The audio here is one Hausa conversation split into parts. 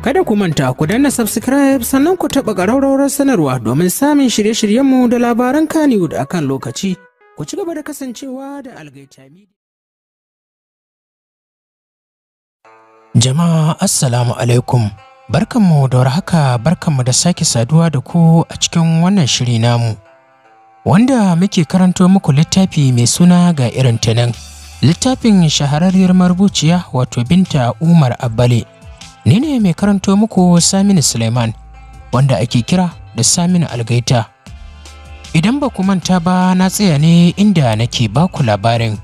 Kada ku manta ku danna subscribe sannan ku taɓa ƙararrawar sanarwa domin samun shirye-shiryenmu da labaran Kaniwood a kan lokaci. Ku ci gaba da kasancewa da Algaita Jama'a Assalamu alaikum. Barkanmu da warhaka barkanmu da sake saduwa da ku a cikin wannan shiri namu. Wanda muke karanto muku littafi mai suna ga irin ta nan. Littafin shahararriyar marubuciya wato Binta Umar Abbali Ni ne mai karanto muku Saminu Suleiman wanda ake kira da Saminu Algaita. Idan ba ku manta ba na tsaya ne inda nake ba ku labarin.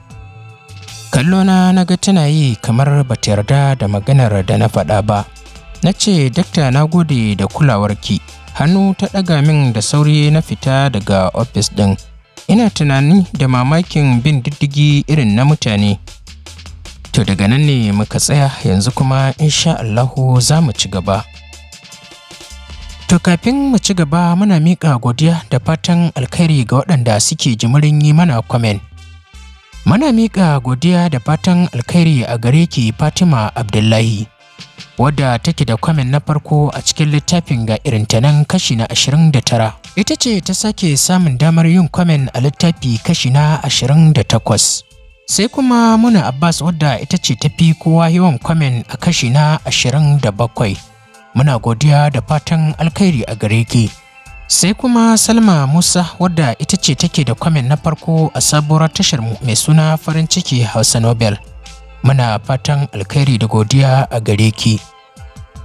Kallona na ga tana yi kamar ba ta yarda da maganar da na faɗa ba. Na ce, Dakta na gode da kulawarki. Hannu ta ɗaga min da sauri na fita daga ofis ɗin. Ina tunani da mamakin bin diddigi irin na mutane. to daga nan ne muka tsaya yanzu kuma insha Allahu za mu ci gaba to kafin mu ci gaba muna miƙa godiya da fatan alkhairi ga waɗanda suke jimirin yi mana kwamen. Muna miƙa godiya da fatan alkhairi a gare ki Fatima Abdullahi, wadda take da kwamen na farko a cikin littafin ga irin ta nan kashi na 29. Ita ce ta sake samun damar yin kwamen a littafi kashi na takwas. sai kuma muna abbas wadda ita ce ta fi kowa yawan kwamen a kashi na ashirin da bakwai muna godiya da fatan alkhairi a gare ki sai kuma salma musa wadda ita ce take da kwamen na farko a sabuwar tashar mai suna farin ciki hausa nobel muna fatan alkhairi da godiya a gare ki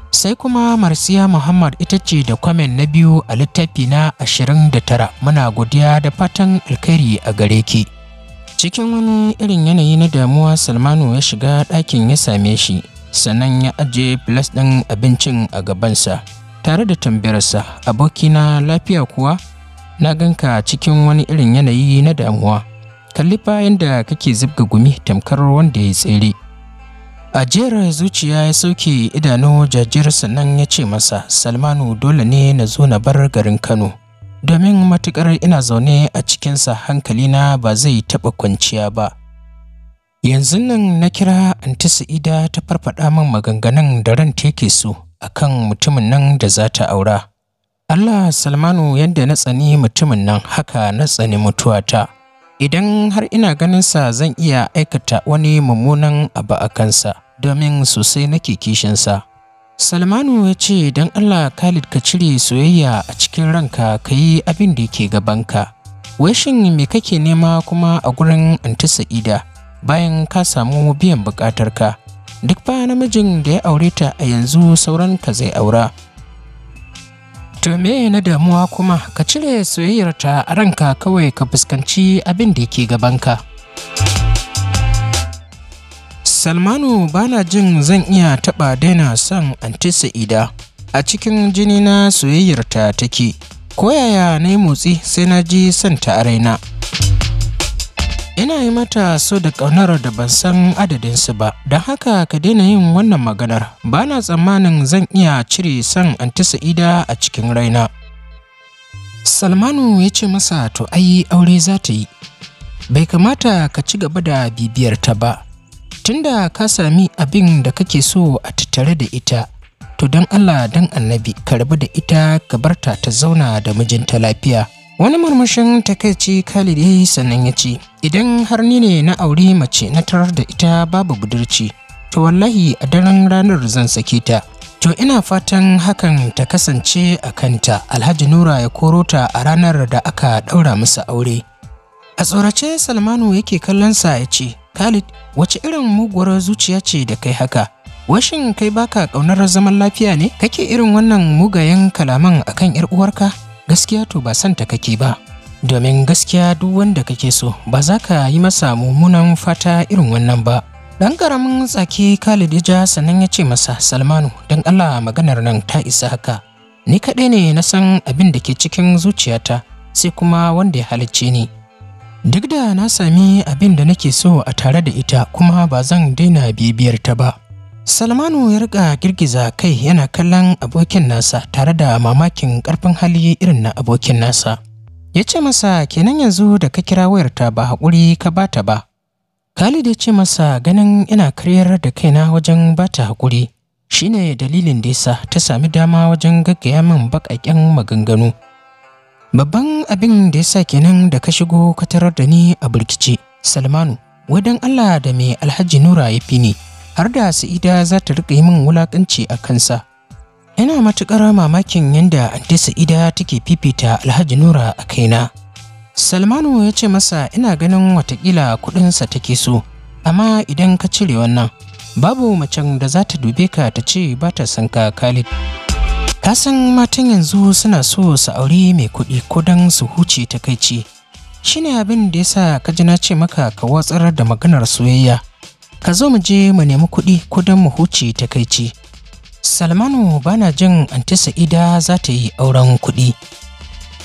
sai kuma marsiya muhammad ita ce da kwamen na biyu a littafi na tara, muna godiya da fatan alkhairi a gare ki cikin wani irin yanayi na damuwa salmanu ya shiga ɗakin ya same shi sannan ya ajiye filas ɗin abincin a gabansa tare da tambayarsa abokina lafiya kuwa na ganka cikin wani irin yanayi na damuwa kalli bayan da kake zubga gumi tamkar wanda ya tsere a jera zuciya ya sauke idanu jajir sannan ya ce masa salmanu dole ne na zo na bar garin kano domin matuƙar ina zaune a cikinsa na ba zai taɓa kwanciya ba. Yanzu nan na kira Anti Sa'ida ta farfaɗa min maganganun da ran take so akan mutumin nan da za ta aura. Allah Salmanu yadda na tsani mutumin nan haka na tsani mutuwata. Idan har ina ganin sa zan iya aikata wani mummunan abu a kansa domin sosai nake kishinsa. Salmanu ya ce don Allah Khalid ka cire soyayya a cikin ranka ka yi abin da yake gabanka. Wai shin me kake nema kuma a gurin Anti Sa'ida bayan ka samu biyan bukatarka? Duk ba namijin da ya aure ta a yanzu sauran ka zai aura. To me na damuwa kuma ka cire soyayyarta a ranka kawai ka fuskanci abin da yake gabanka. salmanu bana jin zan iya taɓa daina son anti sa'ida a cikin jini na soyayyarta take koyaya na yi motsi sai na ji son ta a raina ina yi mata so da ƙaunar da ban san adadinsu ba don haka ka daina yin wannan maganar bana tsammanin zan iya cire son anti sa'ida a cikin raina salmanu ya ce masa to ai aure za ta yi bai kamata ka ci gaba da bibiyar ta ba tunda ka sami abin da kake so a tattare da ita to don Allah don annabi ka rabu da ita ka barta ta zauna da mijinta lafiya wani murmushin takaici Khalid sannan ya ce idan har ni ne na aure mace na tarar da ita babu budurci to wallahi a daren ranar zan sake ta to ina fatan hakan ta kasance a kanta Alhaji Nura ya koro ta a ranar da aka ɗaura musu aure a tsorace Salmanu yake kallon sa ya ce Khalid, wace irin muguwar zuciya ce da kai haka? Washin kai baka ƙaunar zaman lafiya ne? Kake irin wannan mugayen kalaman akan 'yar uwarka? Gaskiya to ba santa kake ba. Domin gaskiya duk wanda kake so ba za ka yi masa mummunan fata irin wannan ba. Dan karamin tsaki Khalid ya ja sannan ya ce masa Salmanu don Allah maganar nan ta isa haka. Ni kaɗai ne na san abin da ke cikin zuciyata sai kuma wanda ya halicce ni. duk da na sami abin da nake so a tare da ita kuma ba zan daina bibiyar ta ba salmanu ya riƙa girgiza kai yana kallon abokin nasa tare da mamakin ƙarfin hali irin na abokin nasa ya ce masa kenan yanzu da ka kira wayarta ba haƙuri ka bata ba khalid ya ce masa ganin ina karyar da kaina wajen bata haƙuri shine dalilin da ya sa ta sami dama wajen gaggaya min baƙaƙen maganganu Babban abin da ya sa kenan da ka shigo ka tarar da ni a burkice, Salmanu, wadan Allah da mai Alhaji Nura ya fi ni, har da Sa'ida za ta riƙa yi min wulaƙanci a kansa. Ina matuƙar mamakin yadda Anti Sa'ida take fifita Alhaji Nura a kaina. Salmanu ya ce masa ina ganin watakila kuɗinsa take so, amma idan ka cire wannan, babu macen da za ta dube ka ta ce ba ta son ka Khalid. ka matan yanzu suna so su aure mai kuɗi ko don su huce takaici shine abin da yasa ka ji na ce maka ka watsar da maganar soyayya ka zo mu je mu nemi kuɗi ko don mu huce takaici salmanu bana jin anti sa'ida za ta yi auren kuɗi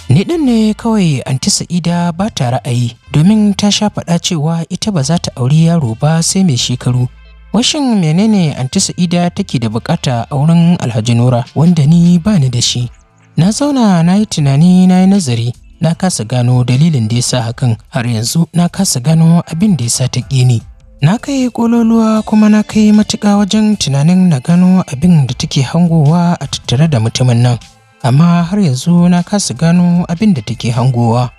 ni ɗin ne kawai anti sa'ida ba ta ra'ayi domin ta sha faɗa cewa ita ba za ta auri yaro ba sai mai shekaru Washin menene anti Sa'ida take da bukata a wurin Alhaji Nura wanda ni ba ni da shi. Na zauna na yi tunani na yi nazari na kasa gano dalilin da ya sa hakan har yanzu na kasa gano abin da ya sa ta ƙini. Na kai kololuwa kuma na kai matuƙa wajen tunanin na gano abin da take hangowa a tattare da mutumin nan. Amma har yanzu na kasa gano abin da take hangowa.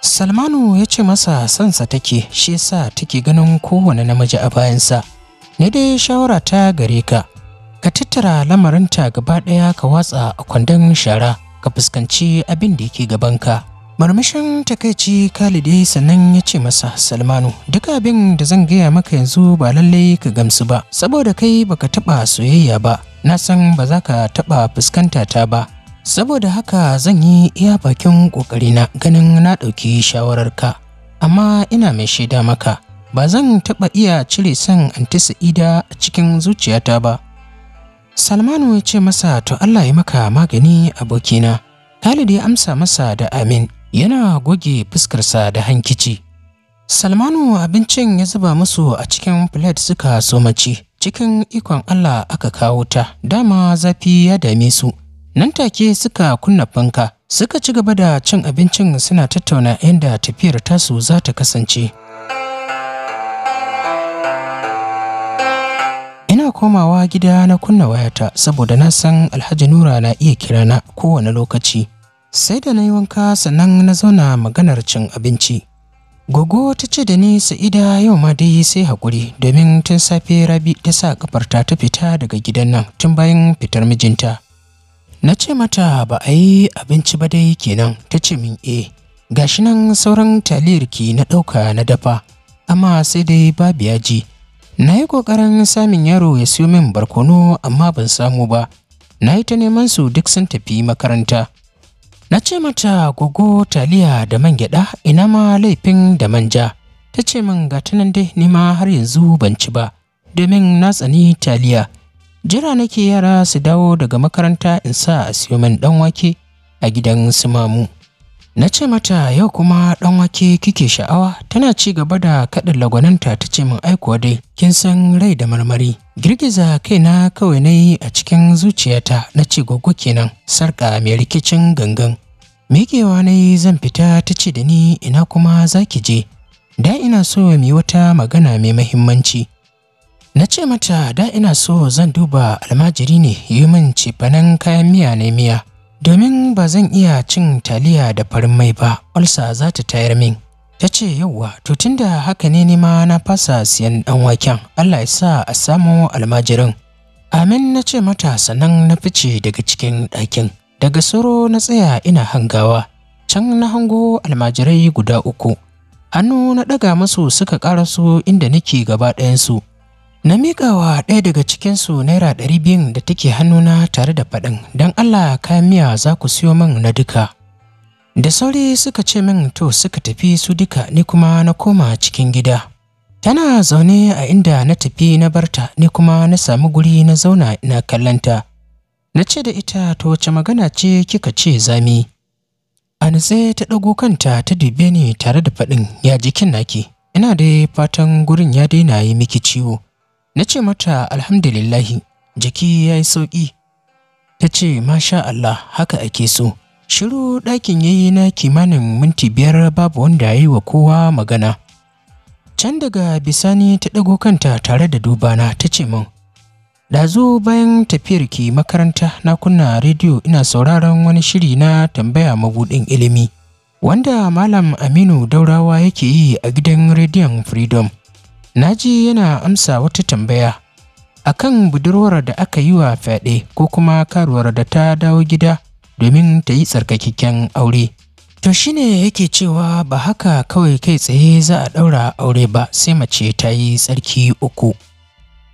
Salmanu ya ce masa sansa take shi yasa take ganin kowane namiji a bayansa. ni dai shawara ta gare ka ka tattara lamarinta gaba ɗaya ka watsa a kwandon shara ka fuskanci abin da yake gabanka marmashin takaici kalide sannan ya ce masa Salmanu duk abin da zan gaya maka yanzu ba lallai ka gamsu ba saboda kai baka taɓa soyayya ba na san ba za ka taɓa fuskanta ta ba saboda haka zan yi iya bakin ƙoƙarina, ganin na ɗauki shawararka amma ina mai shaida maka ba zan taɓa iya cire son anti sa'ida a cikin zuciyata ba salmanu ya ce masa to allah ya maka magani abokina khalid ya amsa masa da amin yana goge fuskarsa da hankici salmanu abincin ya zuba musu a cikin filet suka somaci cikin ikon allah aka kawo ta dama zafi ya dame su nan take suka kunna fanka suka ci gaba da cin abincin suna tattauna inda tafiyar tasu za ta kasance komawa gida na kunna wayata saboda na san Alhaji Nura na iya kira na kowane lokaci. Sai da na yi wanka sannan na zauna maganar cin abinci. Gogo ta ce da ni Sa'ida yau ma dai sai haƙuri domin tun safe Rabi ta sa kafarta ta fita daga gidan nan tun bayan fitar mijinta. Na ce mata ba a yi abinci ba dai kenan ta ce min e. Eh, Gashi nan sauran taliyar ki na ɗauka na dafa, amma sai dai babu yaji. na yi ƙoƙarin samun yaro ya siyo min barkono amma ban samu ba na yi ta neman su duk sun tafi makaranta na ce mata gogo taliya da man gyaɗa ina ma laifin da manja ta ce min ga ta nan dai ni ma har yanzu ban ci ba domin na tsani taliya jira nake yara su dawo daga makaranta in sa a siyo min ɗan wake a gidan su mamu na ce mata yau kuma ɗan wake kike sha'awa tana ci gaba da kaɗin lagwananta ta ce min aikuwa dai kin san rai da marmari girgiza kaina kawai na yi a cikin zuciyata na ce gogo kenan sarƙa mai rikicin gangan miƙewa na yi zan fita ta ce da ni ina kuma za ki je da ina so mu wata magana mai mahimmanci na ce mata da ina so zan duba almajiri ne yi min cefanen kayan miya na miya domin ba zan iya cin taliya da farin mai ba ulsa za ta tayar min ta ce yauwa to tunda haka ne nima na fasa siyan ɗan waken Allah ya sa a samu almajirin amin na ce mata sannan na fice daga cikin ɗakin daga soro na tsaya ina hangawa can na hango almajirai guda uku hannu na ɗaga masu suka ƙaraso inda nake gaba ɗayansu Na miƙawa ɗaya daga cikinsu naira ɗari biyun da take hannuna tare da faɗin don Allah kayan miya za ku siyo min na duka. Da sauri suka ce min to suka tafi su duka ni kuma na koma cikin gida. Tana zaune a inda na tafi na barta ni kuma na sami guri na zauna na kallanta. Na ce da ita to wace magana ce kika ce zami. natse ta ɗago kanta ta dube ni tare da faɗin ya jikin naki. Ina da fatan gurin ya daina yi miki ciwo. Na ce mata alhamdulillahi, jiki ya yi sauƙi. Ta ce, Masha Allah, haka ake so. Shiru ɗakin ya yi na kimanin minti biyar babu wanda ya yi wa kowa magana. Can daga bisani ta ɗago kanta tare da dubana ta ce min, Ɗazu bayan tafiyar ki makaranta na kunna rediyo ina sauraron wani shiri na tambaya mabuɗin ilimi, wanda Malam Aminu Daurawa yake yi a gidan rediyon Freedom. na ji yana amsa wata tambaya akan budurwar da aka yi wa fyaɗe ko kuma karuwar da ta dawo gida domin ta yi tsarkakakken aure to shine yake cewa ba haka kawai kai tsaye za a ɗaura aure ba sai mace ta yi tsarki uku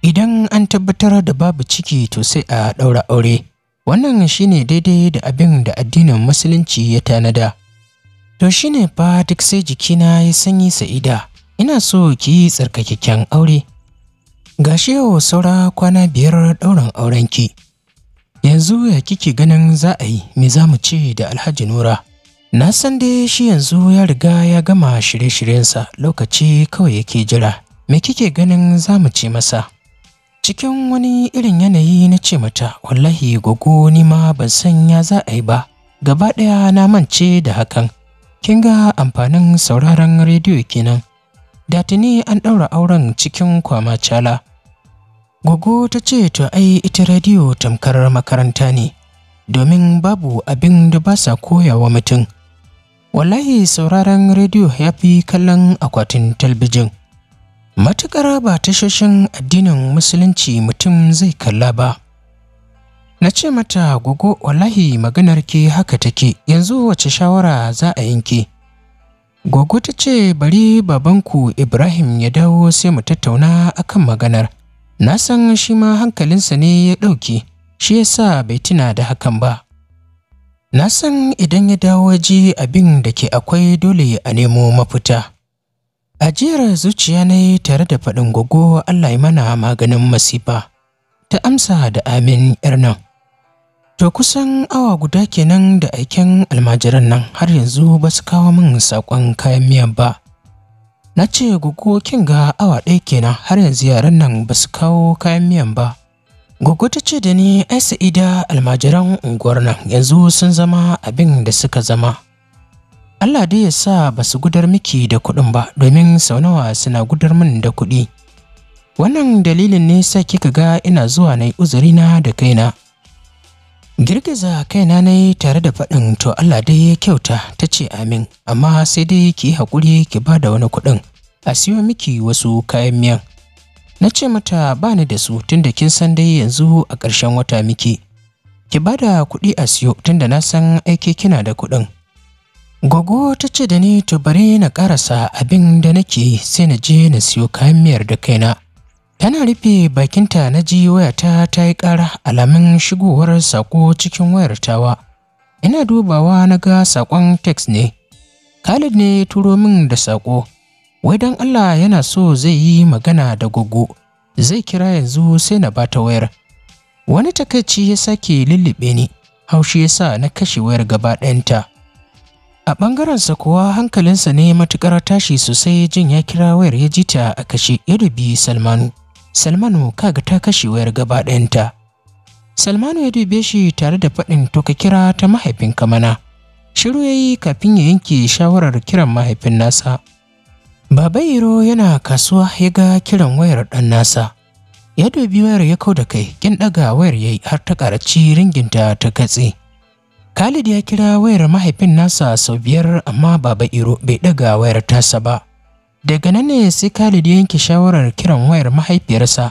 idan an tabbatar da babu ciki to sai a ɗaura aure wannan shine daidai da abin da addinin musulunci ya tanada to shine fa duk sai jikina ya sanyi sa'ida ina so ki yi tsarkakakken aure Ga shi yau saura kwana biyar ɗaurin aurenki yanzu ya kike ganin za a yi me za mu ce da alhaji nura na san dai shi yanzu ya riga ya gama shirye-shiryensa lokaci kawai yake jira me kike ganin za mu ce masa cikin wani irin yanayi na ce mata wallahi gogo ni ma ban san ya za a yi ba gaba ɗaya na mance da hakan kin ga amfanin sauraron rediyo kenan da tuni an ɗaura auren cikin kwama cala. Gogo ta ce to ai ita radiyo tamkar makaranta ne, domin babu abin da ba sa koya wa mutum. Wallahi sauraron rediyo ya fi kallon akwatin talbijin. Matuƙar ba shashin addinin Musulunci mutum zai kalla ba. Na ce mata gogo wallahi maganar ke haka take yanzu wace shawara za a yanke. Gwaggo ta ce bari babanku Ibrahim ya dawo sai mu tattauna akan maganar. Na san shi ma hankalinsa ne ya ɗauki, shi ya sa bai tuna da hakan ba. Na san idan ya dawo ji abin da ke akwai dole a nemo mafita. Ajiyar zuciya ne tare da faɗin gwaggo Allah ya mana maganin masifa. Ta amsa da amin 'yar nan. To kusan awa guda kenan da aiken almajiran nan har yanzu ba su kawo min saƙon kayan miyan ba. Na ce gugu kin ga awa ɗaya kenan har yanzu yaran nan ba su kawo kayan miyan ba. Gugu ta ce da ni ai sa'ida almajiran unguwar nan yanzu sun zama abin da suka zama. Allah dai ya sa ba su gudar miki da kuɗin ba domin sau nawa suna gudar min da kuɗi. Wannan dalilin ne sa kika ga ina zuwa na yi na da kaina. girgiza kaina na yi tare da faɗin to Allah dai ya kyauta ta ce amin amma sai dai ki yi haƙuri ki ba da wani kuɗin a siyo miki wasu kayan miyan na ce mata ba ni da su tunda kin san dai yanzu a ƙarshen wata miki ki ba da kuɗi a siyo tunda na san aiki kina da kuɗin Gogo ta ce da ni to bari na ƙarasa abin da nake sai na je na siyo kayan miyar da kaina. tana rufe bakinta na ji wayata ta yi ƙara alamin shigowar saƙo cikin wayar tawa ina dubawa na ga saƙon text ne khalid ne ya turo min da saƙo wai don allah yana so zai yi magana da gogo zai kira yanzu sai na bata wayar wani takaici ya sake lullube ni haushi ya sa na kashe wayar gaba ɗayanta a ɓangarensa kuwa hankalinsa ne matuƙar tashi sosai jin ya kira wayar ya ji ta a kashe ya dubi salmanu Salmanu kaga ta kashe wayar gaba ɗayanta. Salmanu ya dube shi tare da faɗin to ka kira ta mahaifin kamana. Shiru ya yi kafin ya yanke shawarar kiran mahaifin nasa. Baba Iro yana kasuwa ya ga kiran wayar ɗan nasa. Ya dubi wayar ya kau da kai, kin ɗaga wayar ya yi har ta ƙaraci ringinta ta katse. Khalid ya kira wayar mahaifin nasa sau biyar amma Baba Iro bai ɗaga wayar tasa ba. Daga nan ne sai Khalid ya yanke shawarar kiran wayar mahaifiyarsa.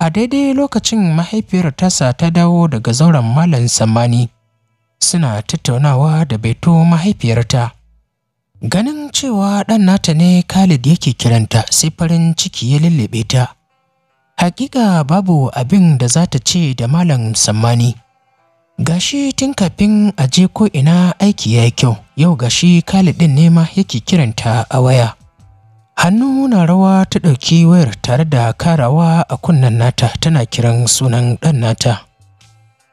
A daidai lokacin mahaifiyar tasa ta dawo daga zauren Malam samani Suna tattaunawa da Beto mahaifiyarta. Ganin cewa ɗan nata ne Khalid yake kiranta sai farin ciki ya lullube ta. Hakika babu abin da za ta ce da Malam samani Gashi tun kafin a je ko ina aiki ya yi kyau, yau gashi Khalid ɗin ne ma yake kiranta a waya. hannu na rawa ta ɗauki wayar tare da karawa a kunnen nata tana kiran sunan ɗan nata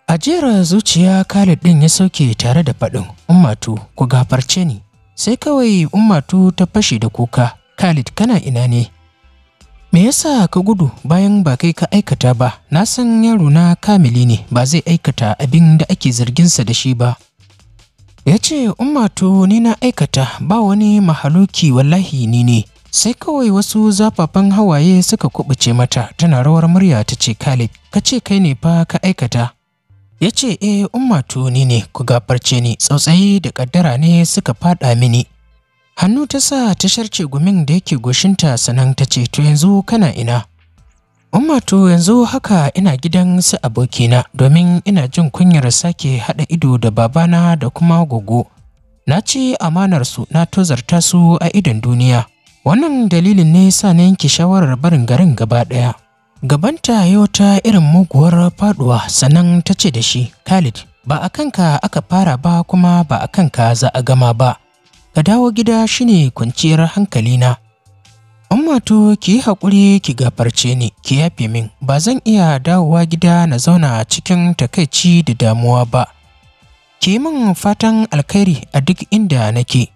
a jera zuciya khalid ɗin ya sauke tare da faɗin ummatu ku gafarce ni sai kawai ummatu ta fashe da kuka khalid kana ina ne Me yasa ka gudu bayan ba kai ka aikata ba? Na san yaro na kamili ne, ba zai aikata abin da ake zarginsa da shi ba. Ya ce, Ummatu ni na aikata ba wani mahaluki wallahi ni ne. sai kawai wasu zafafan hawaye suka kubuce mata tana rawar murya ta ce Khalid ka ce kai ne fa ka aikata ya ce e eh, umma ni ne ku gafarce ni tsautsayi da kaddara ne suka fada mini hannu ta sa ta sharce gumin da yake goshinta sannan ta ce to yanzu kana ina Ummatu, yanzu haka ina gidan su abokina domin ina jin kunyar sake haɗa ido da babana da kuma gogo na ci amanarsu na tozarta su a idon duniya wannan dalilin ne sa na yanke shawarar barin garin gaba ɗaya gabanta yau ta irin muguwar faduwa sannan ta ce da shi khalid ba a kanka aka fara ba kuma ba a kanka za a gama ba ka dawo gida shine kwanciyar hankalina Ummato ki yi haƙuri ki gafarce ni, ki yafe min, ba zan iya dawowa gida na zauna cikin takaici da damuwa ba. Ki yi min fatan alkhairi a duk inda nake,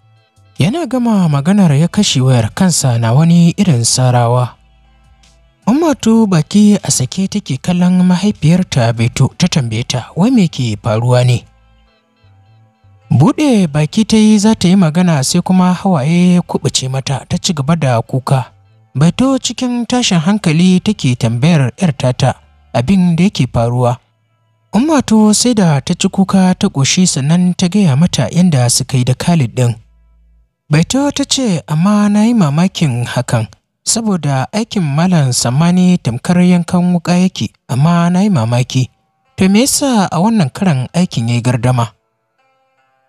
yana gama maganar ya kashe wayar kansa na wani irin sarawa ummatu baki a sake take kallon mahaifiyarta beto ta tambaye ta wai me ke faruwa ne buɗe baki ta yi za ta yi magana sai kuma hawaye kubuce mata ta ci gaba da kuka baito cikin tashin hankali take tambayar 'yar tata abin da yake faruwa ummatu sai da ta ci kuka ta ƙoshi sannan ta gaya mata yadda suka yi da khalid ɗin Baito ta ce, amma na yi mamakin hakan, saboda aikin Malam Samani tamkar yankan wuka yake, amma na yi mamaki. To me yasa a wannan karan aikin ya yi gardama?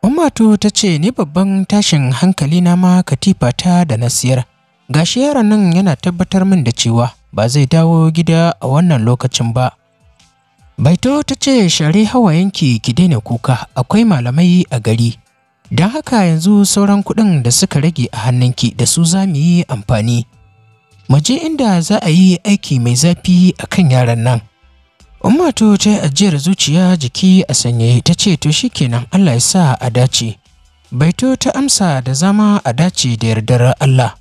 Ummatu ta ce, ni babban tashin hankali na ma katifa ta da na siyar. Gashi yaron nan yana tabbatar min da cewa ba zai dawo gida a wannan lokacin ba. Baito ta ce, share yanki ki daina kuka, akwai malamai a gari. Don haka yanzu sauran kuɗin da suka rage a hannunki da su za mu yi amfani. Mu je inda za a yi aiki mai zafi a kan yaran nan. Ummato ta yi ajiyar zuciya jiki a sanye ta ce to shikenan Allah ya sa a dace. Baito ta amsa da zama a dace da yardar Allah.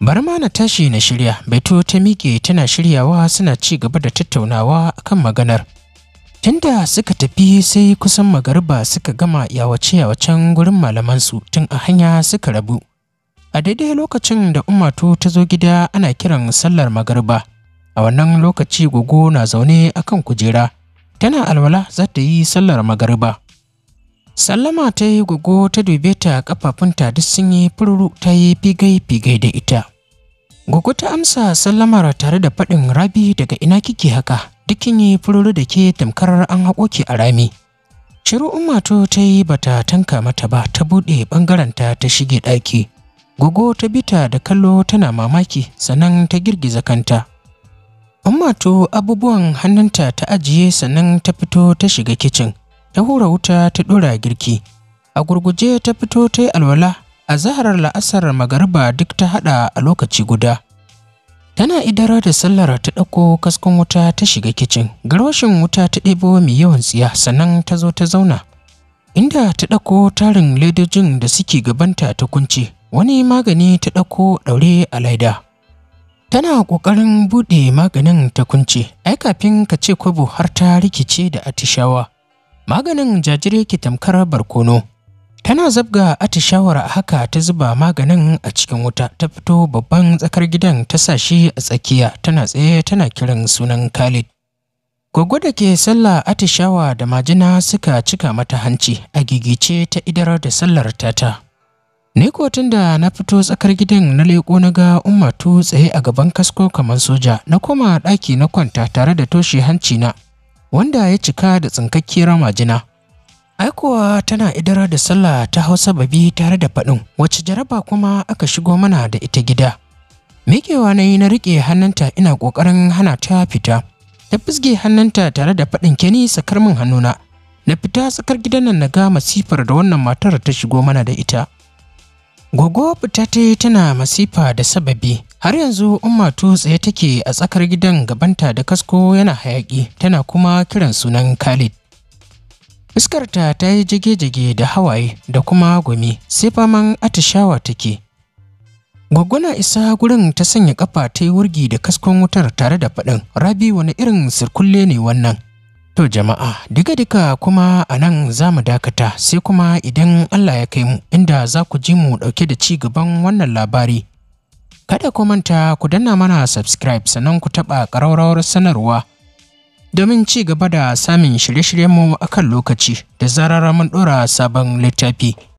Bari na tashi na shirya, Baito ta miƙe tana shiryawa suna ci gaba da tattaunawa akan maganar. Tunda suka tafi sai kusan magariba suka gama yawace-yawacen gurin malamansu tun a hanya suka rabu. A daidai lokacin da Umatu ta zo gida ana kiran sallar magarba A wannan lokaci gogo na zaune akan kujera, tana alwala za ta yi sallar magariba. Sallama ta yi gogo ta dube ta ƙafafunta duk sun yi fururu ta yi figai-figai da ita. Gogo ta amsa sallamar tare da faɗin rabi daga ina kike haka. dukkin yi fururu da ke tamkar an haƙo a rami shiru ummatu ta yi bata tanka mata ba ta buɗe ɓangarenta ta shige ɗaki gogo ta bita da kallo tana mamaki sannan ta girgiza kanta ummatu abubuwan hannunta ta ajiye sannan ta fito ta shiga kicin ta hura wuta ta ɗora girki a gurguje ta fito ta yi alwala a zaharar la'asar magariba duk ta haɗa a lokaci guda Yana idara da sallar ta ɗauko kaskon wuta ta shiga kicin, garwashin wuta ta ɗebo mai yawan tsiya sannan ta zo ta zauna. Inda ta ɗauko tarin ledojin da suke gabanta ta kunce, wani magani ta ɗauko ɗaure a laida. Tana ƙoƙarin buɗe maganin ta kunce, ai kafin ka ce kwabo har ta rikice da atishawa. Maganin jajire ke tamkar barkono, tana zabga atishawar haka ta zuba maganin a cikin wuta ta fito babban tsakar gidan ta sa shi a tsakiya tana tsaye tana kiran sunan khalid Gwaggo da ke sallah atishawa da majina suka cika mata hanci a gigice ta idar da sallar tata. Ni ko da na fito tsakar gidan na leƙo na ga ummatu tsaye a gaban kasko kamar soja na koma ɗaki na kwanta tare da toshe hanci na wanda ya cika da tsinkakkiyar majina. kuwa tana idara da sallah ta hau sababi tare da faɗin wacce jaraba kuma aka shigo mana da ita gida. Mikewa na yi na rike hannunta ina ƙoƙarin hana ta fita. Ta fizge hannunta tare da faɗin keni sakar min hannuna. Na fita tsakar gidan nan na ga masifar da wannan matar ta shigo mana da ita. Gogo fita ta tana masifa da sababi. Har yanzu umma to tsaye take a tsakar gidan gabanta da kasko yana hayaki tana kuma kiran sunan Khalid. iskarta ta yi jage-jage da hawaye da kuma gumi sai faman atishawa take gwaggwana isa gurin ta sanya kafa ta yi wurgi da kaskon wutar tare da faɗin rabi wani irin sirkulle ne wannan to jama'a diga duka kuma a nan za mu dakata sai kuma idan allah ya kai mu inda za ku ji mu ɗauke da ci gaban wannan labari kada ku manta ku danna mana subscribe sannan ku taɓa ƙararrawar sanarwa domin ci gaba da samun shirye-shiryenmu a kan lokaci da zarar mun ɗora sabon littafi.